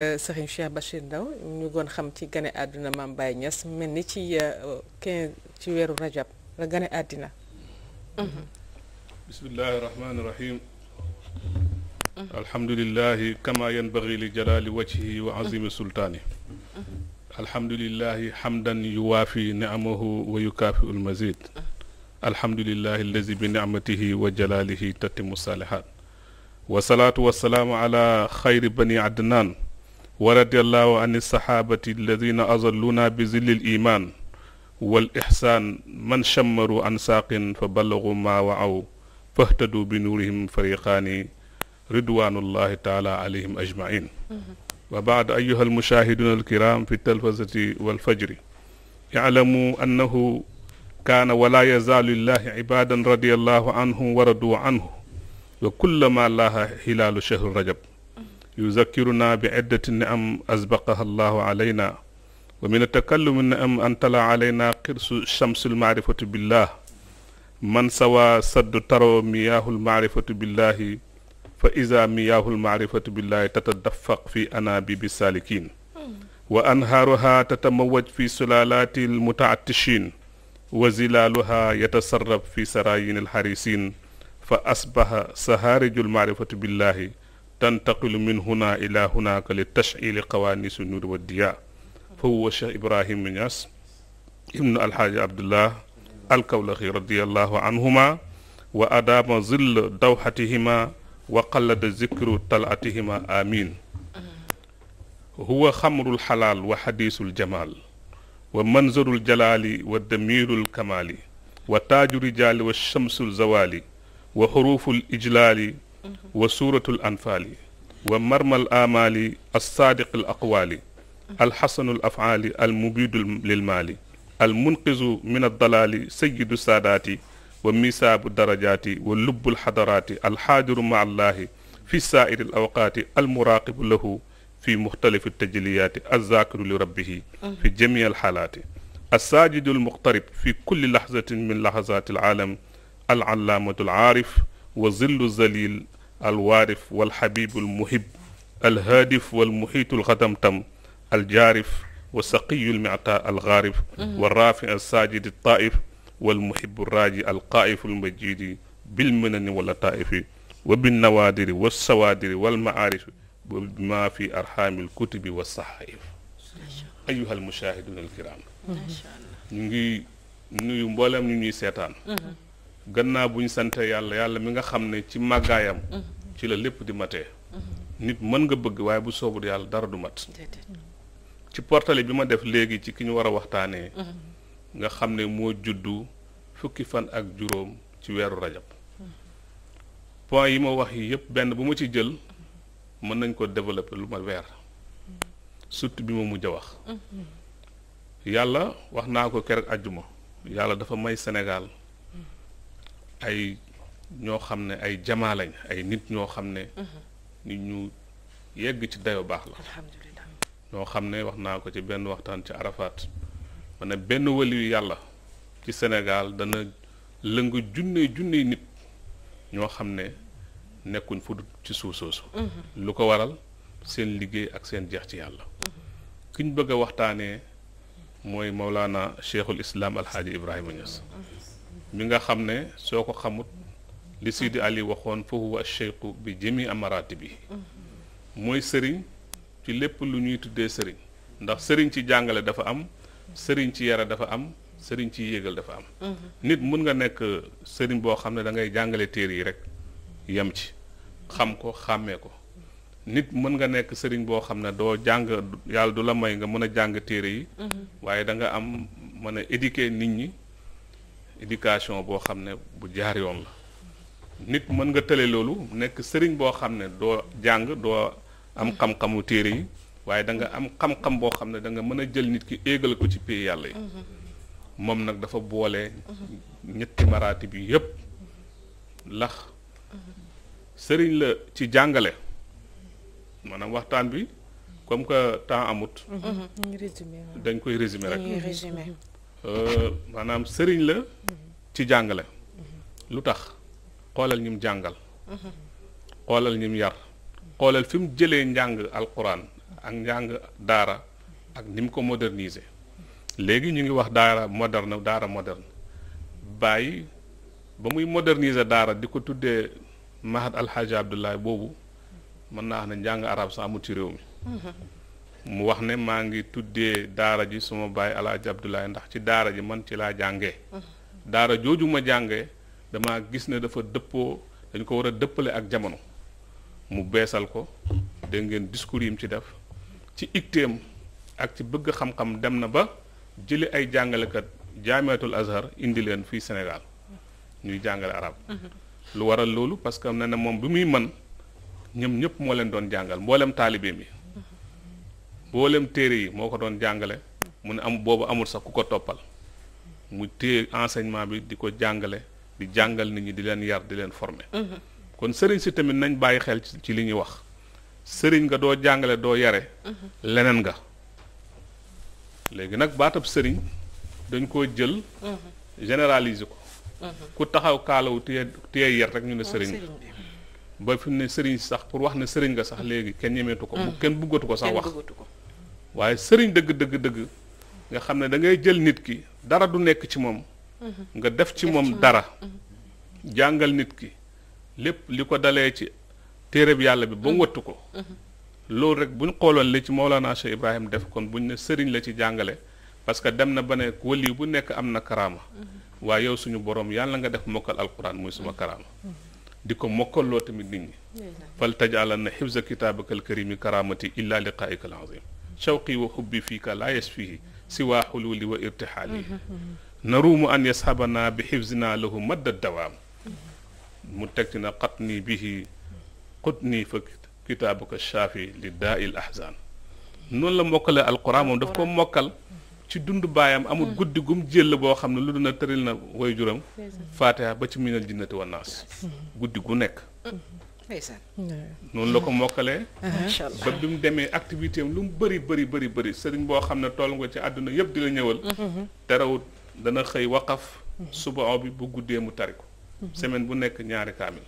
Serigne Cheikh Bachir Ndaw ñu goon xam ci gane àdduna maam Baye Niass mel ni euh, ci weeru rajab la gane àddina mhm. bismillahi rahmaani rahim alhamdulillahi kama li jalaali wajhihi wa azimi sultaani alhamdulillahi hamdan yuwaafi ni'amahu wa yukaafi ul mazid alhamdulillahi allazi bi ni'matihi wa jalaalihi tatimu saalihaat wa salaatu wa salaamu ala xayri wa radiallahu an alsaxaabati alladina azalluna bi zilli l iman wal ixsaan man chammaru an saaqin fa ballagu maa waaw fahtadu bi nuurihim fariqaani ridwanullahi taala alayhim ajmain wa baad ayuha almushahiduna alkiram fi ltelfasati walfajri iclamu annahu kaana wala yazaalu illahi ibadan radiallahu anhum wa radu anhu wa kullama laha hilaalu chahru rajab يذكرنا بعدة نعم أسبقها الله علينا ومن التكلم النعم أن طلع علينا قرص شمس المعرفة بالله من سوى سد ترو مياه المعرفة بالله فإذا مياه المعرفة بالله تتدفق في أنابيب السالكين وأنهارها تتموج في سلالات المتعطشين وزلالها يتسرب في سراين الحريسين فأصبح سهارج المعرفة بالله tantaqilu min huna ila hunaka li tashili qawaanisu nuur wa diya fa huwa cheikh ibrahima ñas ibnu alxaaji abdullah alkawlaxi radiallahu anhuma wa adama zill dawxatihima wa qallada zikru talaatihima amin huwa xamrul xalaal wa xadiisul jamaal wa manzarul jalaali wa damiirul kamaali wa taaju rijaali wa shamsul zawaali wa xuruuful ijlaali wa suuratul anfaali wa marmal amaali alsaadiq al aqwaali alxasanu al afaali al mubiidu lil maali al munqizu min addalaali sayidu saadaati wa misaabu darajaati wa lubbul xadaraati alxaadiru ma allaahi fi saairi al awqaati almuraaqibu lahu fi muxtalifi tajliyaati alzaakiru li rabbihi fi jamii alxaalaati alsaajidu almuqtarib fi kulli laxzatin min laxazaati alaalam alalaamatu alaarif wa zillu zalil alwaarif walxabibu almuhib alhaadif walmuhiitu alxatamtam aljaarif wa saqiyu almicta alxaarif wa raafi alsaajid altaif walmuhibu alraaji alqaaif almajidi bilminani wala taifi wa binnawaadiri walsawaadiri walmacaarifi wa bima fi arxaami alkutubi walsaxaaif ayuha almushaahiduuna alkiram ñu ngi nuyu mboolem ñu ñuy seetaan mm-hmm. gannaaw bu ñu sante yàlla yàlla mi nga xam ne ci maggaayam mm-hmm. ci la lépp di mate mm-hmm. nit mën nga bëgg waaye bu soobul yàlla dara du mat ci portale bi ma def léegi ci ki ñu war a waxtaanee mm-hmm. nga xam ne moo juddu fukki fan ak juróom ci weeru rajab point yi ma wax yi yëpp benn bu ma ci jël mën nañ ko développer lu ma weer surtout bi ma mujj a wax yàlla wax naa ko keroog àjjuma yàlla dafa may Sénégal ay ñoo xam ne ay jamaa lañ ay nit ñoo xam ne. Mhm. nit ñu yegg ci dayo baax la. ñoo xam ne wax naa ko ci benn waxtaan ci Arafat ma ne benn waliyu yàlla ci senegaal dana lëng junne junne nit ñoo xam ne nekkuñ fu ci suuf soosu. Mhm. lu ko waral seen liggéey ak seen jeex ci yàlla. Mhm. kiñ ñu bëgg a waxtaanee mooy Maulana Cheikhul Islam Al Hadj Ibrahima mi nga xam ne soo ko xamut li Sidi Ali waxoon fa huwa bi jëmi amaraati bi mooy sëriñ ci lépp lu ñuy tuddee sëriñ ndax sëriñ ci jàngale dafa am sëriñ ci yara dafa am sëriñ ci yéegal dafa am mm-hmm. nit mun nga nekk sëriñ boo xam ne da ngay jàngale téere yi rek yem ci xam ko xàmmee ko nit mën nga nekk sëriñ boo xam ne doo jàng yàlla du la may nga mën a jàng téere yi mm-hmm. waaye danga am mën a éduquer nit ñi éducation boo xam ne bu jaar yoon la nit mën nga tële loolu nekk sëriñ boo xam ne doo jàng doo am xam-xamu téere yi waaye danga am xam-xam boo xam ne danga mën a jël nit ki éegal ko ci pays yàlla yi moom nag dafa boole ñetti maraati bi yépp lax sëriñ la ci jàngale maanaam waxtaan bi comme que temps amut mhm. dañ koy résumer rek Euh, maanaam sëriñ la ci jàngale lu tax xoolal ñim jàngal xoolal ñim yar xoolal fi mu jëlee njàng alquran ak njàng daara ak ni ko moderniser léegi ñu ngi wax daara moderne daara moderne bàyyi ba muy moderniser daara di ko tuddee Mahad Alhaji Abdoulaye boobu mën naa wax ne njàng arab sax amul ci réew mi mu wax ne maa ngi tuddee daara ji suma baay alaaji Abdoulaye ndax ci daara ji man ci laa jànge daara jooju ma jànge dama gis ne dafa dëppoo dañ ko war a dëppale ak jamono mu beesal ko dégg ngeen discours yi mu ci def ci ikteem ak ci bëgg xam-xam dem na ba jëli ay jàngalekat jaamiatul azhar indi leen fii Sénégal ñuy jàngale arab lu waral loolu parce que am na moom bi muy man ñoom ñëpp moo leen doon jàngal mbooleem taalibeem yi mboolem téere yi moo ko doon jàngale mu ne am boobu amul sax ku ko toppal mu téye enseignement bi di ko jàngale di jàngal nit ñi di leen yar di leen former mm-hmm. kon sëriñ si tamit nañ bàyyi xel ci li ñuy wax sëriñ nga doo jàngale doo yare mm-hmm. leneen nga léegi nag baatab sëriñ dañ koo jël mm-hmm. généraliser ko ku taxaw kaalawu téye téye yar rek ñu ne sëriñ nga ba fi mu ne sëriñ sax pour wax ne sëriñ nga sax léegi kenn ñemeetu ko kenn buggatu ko sax wax waaye sëriñ dëgg dëgg dëgg nga xam ne dangay jël nit ki dara du nekk ci moom mm-hmm. nga def ci moom dara mm-hmm. jàngal nit ki lépp li ko dalee ci téereb yàlla bi ba mu mm-hmm. wëttu ko loolu rek bu ñu xooloon li ci Mawlana Cheikh Ibrahim def kon bu ñu ne sëriñ la ci jàngale parce que dem na ba ne wali bu nekk am na karaama waaye yow suñu borom yàlla nga def mokkal alquran muy suma karaama di ko mokkaloo tamit nit ñi fal tajaalan na xibsa kitaabakal karimi karaamati illa shawqi wa xubbi fii ka laa yasfihi siwaa xululi wa irtixaali mm-hmm, mm-hmm. naruumu an yasxabanaa bi xifzinaa lahu madda dawaam mm-hmm. mu teg ci na xat nii bihi xut nii fa kitaabuka shaafi li il ahzaan noonu la mokkale alquran moom daf ko mokkal ci dund baayam amul guddi gum jël boo xam ne lu duna tëril na way juram faatiha ba ci minal jinnati wa guddi gu nekk noonu la ko mokkalee ba bi mu demee activité lu mu bëri bari bëri bëri sëriñ boo xam ne toll nga ci àdduna yëpp di la ñëwal mhm. terewut dana xëy waqaf mhm. suba bi bu guddee mu tari ko mhm. semaine bu nekk ñaari kaamil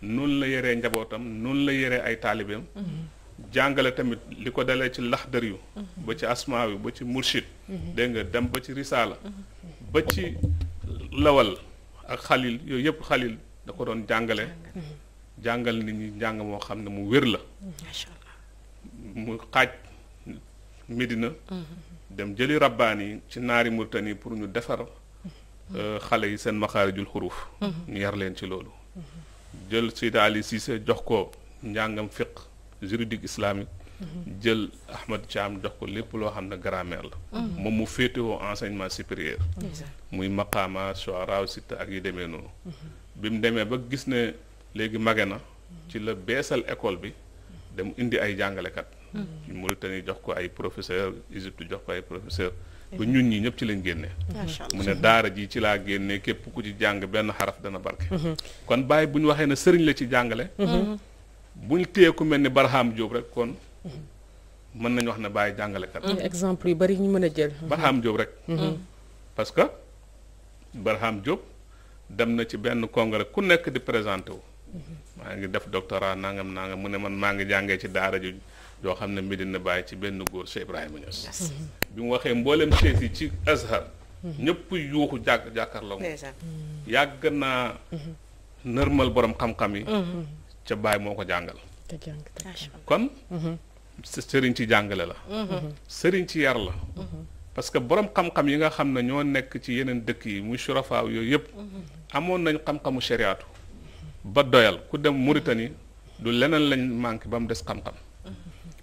noonu la yeree njabootam noonu la yeree ay taalibeem jàngale tamit li ko dalee ci laxdar yu ba ci asmaa yu ba ci murshid dégg nga dem ba ci risaala ba ci lawal ak xalil yooyu yëpp da ko doon jàngale jàngal nit ñi njàng moo xam ne mu wér la. mu xaaj Medina. dem jëli rabbaan yi ci naari Murtani pour ñu defar. Euh, xale yi seen maxaarijul xuruf. ñu yar leen ci loolu. jël Seydi Ali Cissé jox ko njàngam fiq juridique islamique. jël Ahmad Thiam jox ko lépp loo xam ne grammaire la. moom mu féetewoo enseignement supérieur. muy maqaama suara sitta ak yu demee noonu. bi demee ba gis ne. léegi mage na ci la beesal école bi dem indi ay jàngalekat hmm. Mauritanie jox ko ay professeur Égypte jox ko ay professeur ba hmm. ñun ñi ñëpp ci leen génne mu ne daara ji ci laa génnee képp ku ci jàng benn xaraf dana barke hmm. kon bàyyi bu ñu waxee ne sëriñ la ci jàngale buñ téye ku mel ni Barham jóob rek kon mën nañu wax ne bàyyi jàngalekat exemple yu bari ñu mën a jël Barham Diop rek parce que Barham Diop dem na ci benn congrès ku nekk di présenté wu maa ngi def doctorat nangam nangam mu ne man maa ngi jàngee ci daara ju yoo xam ne na bàyyi ci benn góor Cheikh Ibrahima Niass. bi mu waxee mboolem sees yi ci Azhar. ñëpp yuuxu jàkk jàkkaarloo moom. yàgg naa. nërmal borom xam-xam yi. ca Baye moo ko jàngal. kon. sëriñ ci jàngale la. sëriñ ci yar la. parce que borom xam-xam yi nga xam ne ñoo nekk ci yeneen dëkk yi mu surafaaw yooyu yëpp. amoon nañ xam-xamu shariatu. ba doyal ku dem Mauritanie du leneen lañ manqué ba mu des xam-xam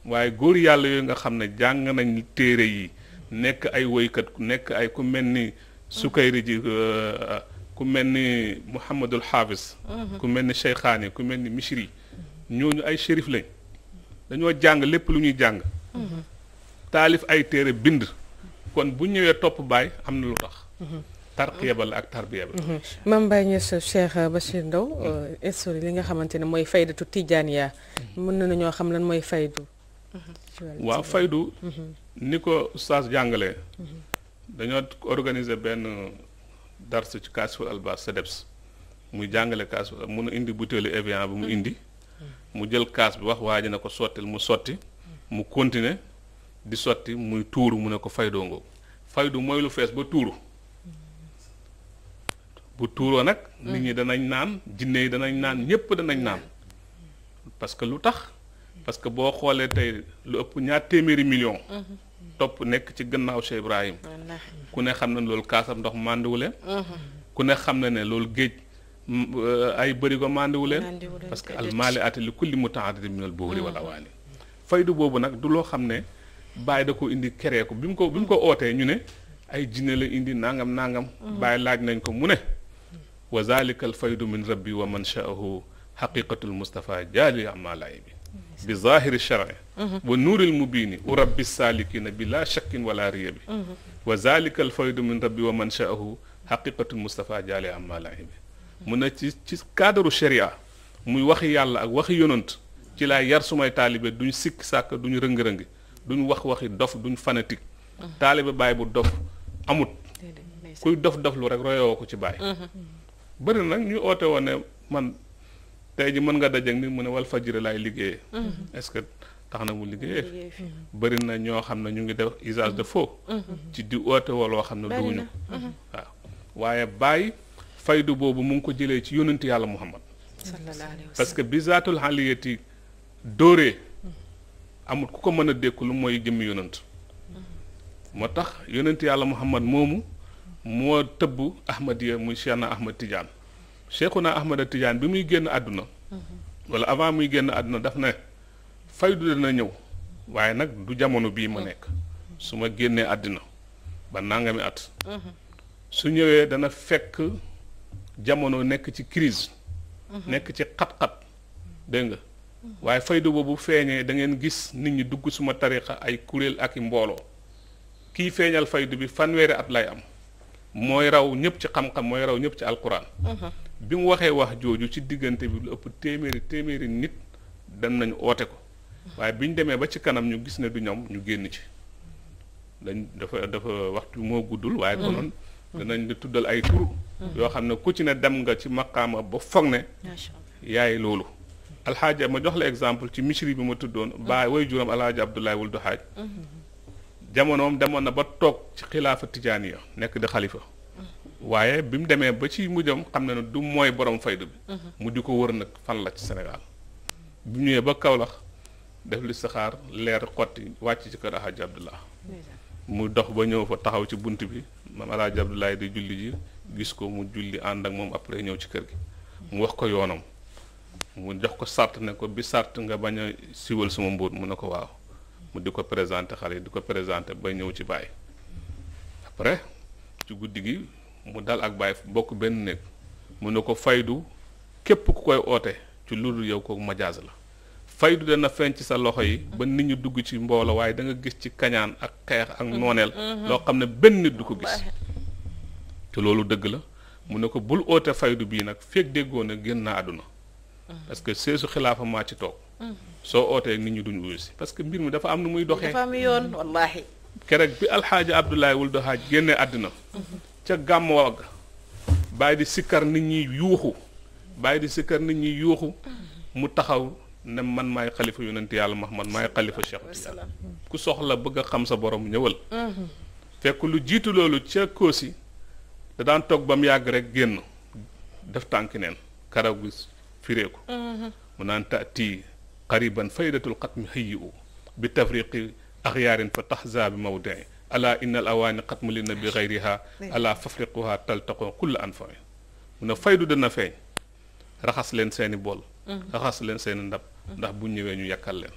waaye góor yàlla yooyu nga xam ne jàng nañ téere yi nekk ay woykat nekk ay ku mel ni Sukayri ji euh, ku mel ni Mouhamadul Hafiz mhm. ku mel ni Cheikhaani ku mel ni Misri ñooñu ay shérif lañ dañoo jàng lépp lu ñuy jàng mhm. taalif ay téere bind kon bu ñëwee topp baay am na lu tax mhm. tarqiya ba la ak tarbiya ba mhm. Mame Mbaye Niass Cheikh Bachir Ndao mhm. euh, instauré li nga xamante ne mooy faydatu tijaaniya mhm. mën na na ñoo xam lan mooy faydu waaw faydu ni ko saas jàngale dañoo organiser benn dars ci Kaasiful Albaas SEDEPS muy jàngale kaas mun a indi butéelu Evian bi mu indi mu jël kaas bi wax waa na ko sottil mu sotti mu continuer di sotti muy tuuru mu ne ko faydoo ngoo faydu mooy lu fees ba tuuru bu tuuroo nag. Mm. nit ñi danañ naan jinne yi danañ naan ñëpp danañ naan parce que lu tax parce que boo xoolee tey lu ëpp ñaar téeméeri million. Mm-hmm. topp nekk ci gannaaw Cheikh Ibrahim. ku ne xam na ne loolu ndox màndiwu leen. Mm-hmm. ku ne xam na ne loolu géej euh, ay bërigo màndiwu leen. parce que almaali ati li kulli mutaadidin minal buhuri wal mm-hmm. awaani. faydu boobu nag du loo xam ne bàyyi da ko indi keree ko bi mu ko bi ko ootee ñu ne ay jinne la indi nangam nangam. bàyyi laaj nañ ko mu ne. wa zalika al faydu min rabbi wa man shaahu xaqiqatul mustapha jaali amalaay bi bi zahiri sharci mhm. wa nuuril mubiini mhm. u muy waxi ak waxi yonant ci laa yar sumay taalibe duñ sikk sàkk duñ rëng-rëng duñ wax waxi dof duñ fanatique mhm. taalibe baay bu dof amut kuy dof dof lu rek royoo ko ci baay bëri nag ñu oote woon ne man tey ji mën nga dajeeg nit mu ne wal fajiri laay liggéeyee. Mm-hmm. est-ce que tax na mu liggéeyee. bëri na ñoo xam ne ñu ngi def usage de faux. Mm-hmm. ci di oote woo loo xam ne duñu mm-hmm. waaw waaye bàyyi faydu boobu mu ngi ko jëlee ci yonent yàlla Muhammad. parce que bisaatul xaliyati dóoree amul ku ko mën a dékku lu mooy jëmm yonent moo tax yonent yàlla Muhammad moomu. moo tëbb Ahmadiya muy Cheikhna Ahmad Tidiane Cheikhuna Ahmad Tidiane bi muy génn àdduna wala avant muy génn àdduna daf ne faydu dana ñëw waaye nag du jamono bii ma nekk su ma génnee àddina ba nangami at su ñëwee dana fekk jamono nekk ci crise nekk ci xat-xat dégg nga waaye faydu boobu feeñee da ngeen gis nit ñi dugg suma tarixa ay kuréel ak i mbooloo kii feeñal faydu bi fanweeri at lay am mooy raw ñëpp ci xam-xam mooy raw ñëpp ci alquran. Uh-huh. bi mu waxee wax jooju ci diggante bi lu ëpp téeméeri téeméeri nit dem nañu oote ko uh-huh. waaye bi ñu demee ba ci kanam ñu gis ne du ñoom ñu génn ci dañ dafa dafa waxtu moo guddul waaye uh-huh. konoon danañ tuddal ay tur yoo xam ne ku ci ne dem nga ci maqaama ba foog ne yaay loolu alxaaja ma jox la exemple ci misri bi ma tuddoon baay way juróom alxaaja abdoulaye wul du xaaj jamonoom demoon na ba toog ci xilaafa tijaaniya nekk di xalifa waaye bi mu demee ba ci mujjam xam na ne du mooy borom faydu bi mu di ko nag fan la ci Sénégal ñëwee ba Kaolack def li saxaar leer xotti wàcc ci kër Alaaji dox ba ñëw fa taxaw ci bunt bi maam Alaaji Abdullah di julli ji gis ko mu julli ànd ak moom après ñëw ci kër gi mu wax ko yoonam mu jox ko sart ne ko bi sart nga bañ siwal sama mbóot mu ne ko waaw mu di ko présenté xale yi di ko présenté ba ñëw ci baay après ci guddi gi mu dal ak baay bokk benn néeg mu ne ko faydu képp ku koy oote ci loolu yow ko majaas la faydu dana feeñ ci sa loxo yi ba nit ñu dugg ci mboolo waaye da nga gis ci kañaan ak xeex ak nooneel mm-hmm. loo xam ne benn nit du ko gis te loolu dëgg la mu ne ko bul oote faydu bii nag feeg déggoo na génn na àdduna mm-hmm. parce que seesu xilaafa maa ci toog soo ootee nit ñi duñ wuyu si parce que mbir mi dafa am nu muy doxee. dafa am yoon wallaahi. keroog bi alxaaji Abdoulaye wul doxaaj génnee àddina. ca gàmmu wagg bàyyi di sikkar nit ñi yuuxu. bàyyi di sikkar nit ñi yuuxu. mu taxaw ne man maay xalifa yonent yàlla max man maay xalifa Cheikh Tidiane ku soxla bëgg xam sa borom ñëwal. Mhm. fekk lu jiitu loolu ca Koosi da daan toog ba mu yàgg rek génn def tànki neen karaw gi firee mhm. mu naan tii qariban faydatul xatmi xëyi u bi tafriqi axyaarin fa taxza bi mawdii ala inna al awaani xatmu li na bi xayriha ala fafriquha taltaqo kulla an fa mu ne faydu dana feeñ raxas leen seeni bool raxas leen seeni ndab ndax bu ñëwee ñu yàkkal leen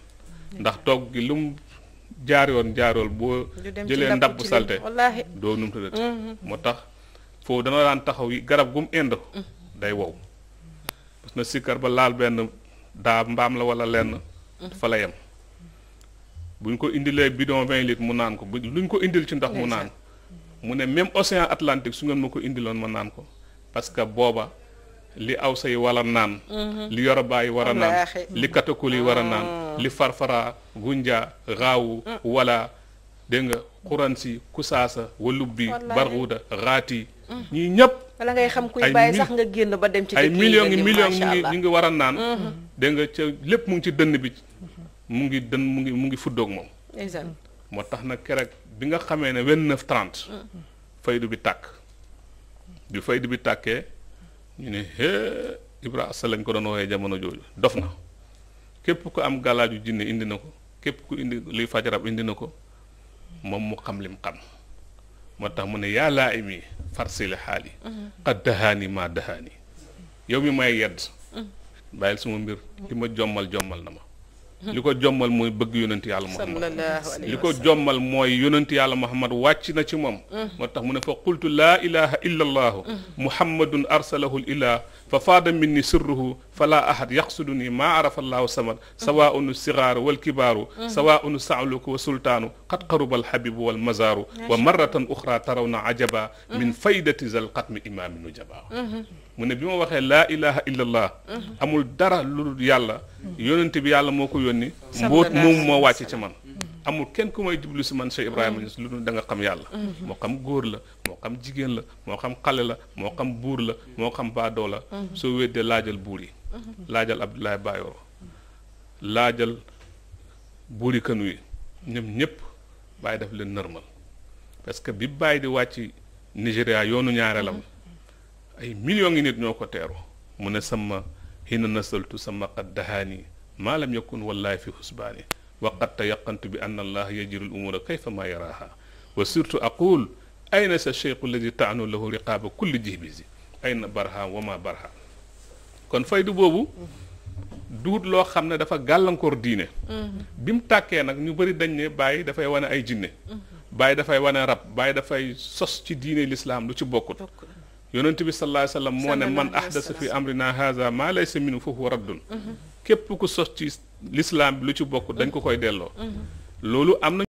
ndax toog gi lu mu jaar yoon jaarool boo jëlee ndab bu salte doo num tëddati mhm. moo tax foofu dana daan taxaw yi garab gu mu ind day wow parce que sikkar ba laal benn daa mbaam la wala lenn. dafa la yem. bu ñu ko indilee bidon vingt litres mu naan ko bu lu ñu ko indil ci ndox mu naan. mu ne même océan Atlantique su ngeen ma ko indiloon ma naan ko parce que booba li awsa yi war a naan. Mhm. li yorobaa yi war a naan li katakul yi war a naan. Ah. li farfara gunja raawu mm. wala dégg nga xuransi kusaasa walubbi barxuuda raati mm. ñii ñëpp. ay millions ngi ñu ngi war a naan. Mm-hmm. dégg nga ca lépp mu ngi ci dënn bi mu ngi dënn mu ngi mu ngi fuddoog moom moo tax nag keroog bi nga xamee ne vingt-neuf trente faydu bi tàkk bi faydu bi tàkkee ñu ne hee Ibra Assa lañ ko doon woowee jamono jooju dof na képp ku am yu jinne indi na ko képp ku indi luy fajarab indi na ko moom mu xam lim xam moo tax mu ne yàllaa imi farsili xaali mhm. qad dahaani maa dahaani yow mi may yedd bàyyil suma mbir ki ma jommal jommal na ma li ko jommal mooy bëgg yonent yàlla muhammad li ko jommal mooy yonent yàlla muhammad wàcc na ci moom mm. moo tax mu ne fa qultu laa ilaha illa allaahu mm. muhammadun arsalahu l ilah fa faada minni sirruhu fala ahad yaqsuduni maa arafa allahu samad sawaun sigaaru wal kibaaru sawaun saaluku wa sultaanu qad qaruba alxabibu wal mazaaru wa marratan uxra taraw na ajaba min faydati zal xatmi imaami nu jaba mu ne bi ma waxee laa ilaha illa allah amul dara lu yàlla yónnente bi yàlla moo ko yónni mboot moom moo wàcc ci man amul kenn ku may jublu si man Cheikh Ibrahima Niass lu dul da nga xam yàlla moo xam góor la moo xam jigéen la moo xam xale la moo xam buur la moo xam baadoo buur yi laajal Abdoulaye Bayo laajal buuri ka yi ñoom ñëpp bàyyi daf leen normal parce que bi bàyyi di wàcc Nigéria yoonu ñaare ñaareelam ay millions ngi nit ñoo ko teeru mu ne sama hina nasaltu sama qad dahaani maa lam yakun wallahi fi husbaani wa qad tayaqantu bi anna allah yajiru al umura ma yaraaha wa surtout aqul ayna sa cheikhu alladi taanu lahu riqaaba kulli jihbizi ayna barham wa ma barham kon faydu boobu duut loo xam ne dafa gàllankoor diine bi mu tàkkee nag ñu bëri dañ ne bàyyi dafay wane ay jinne bàyyi dafay wane rab bàyyi dafay sos ci diine lislaam lu ci bokkut yonent bi sallallahu alayhi wa moo ne man ahdasa fi amrina haza maa laysa minhu fa huwa raddun mhm. képp ku sos ci lislaam lu ci bokkut dañ ko koy delloo mhm. loolu am na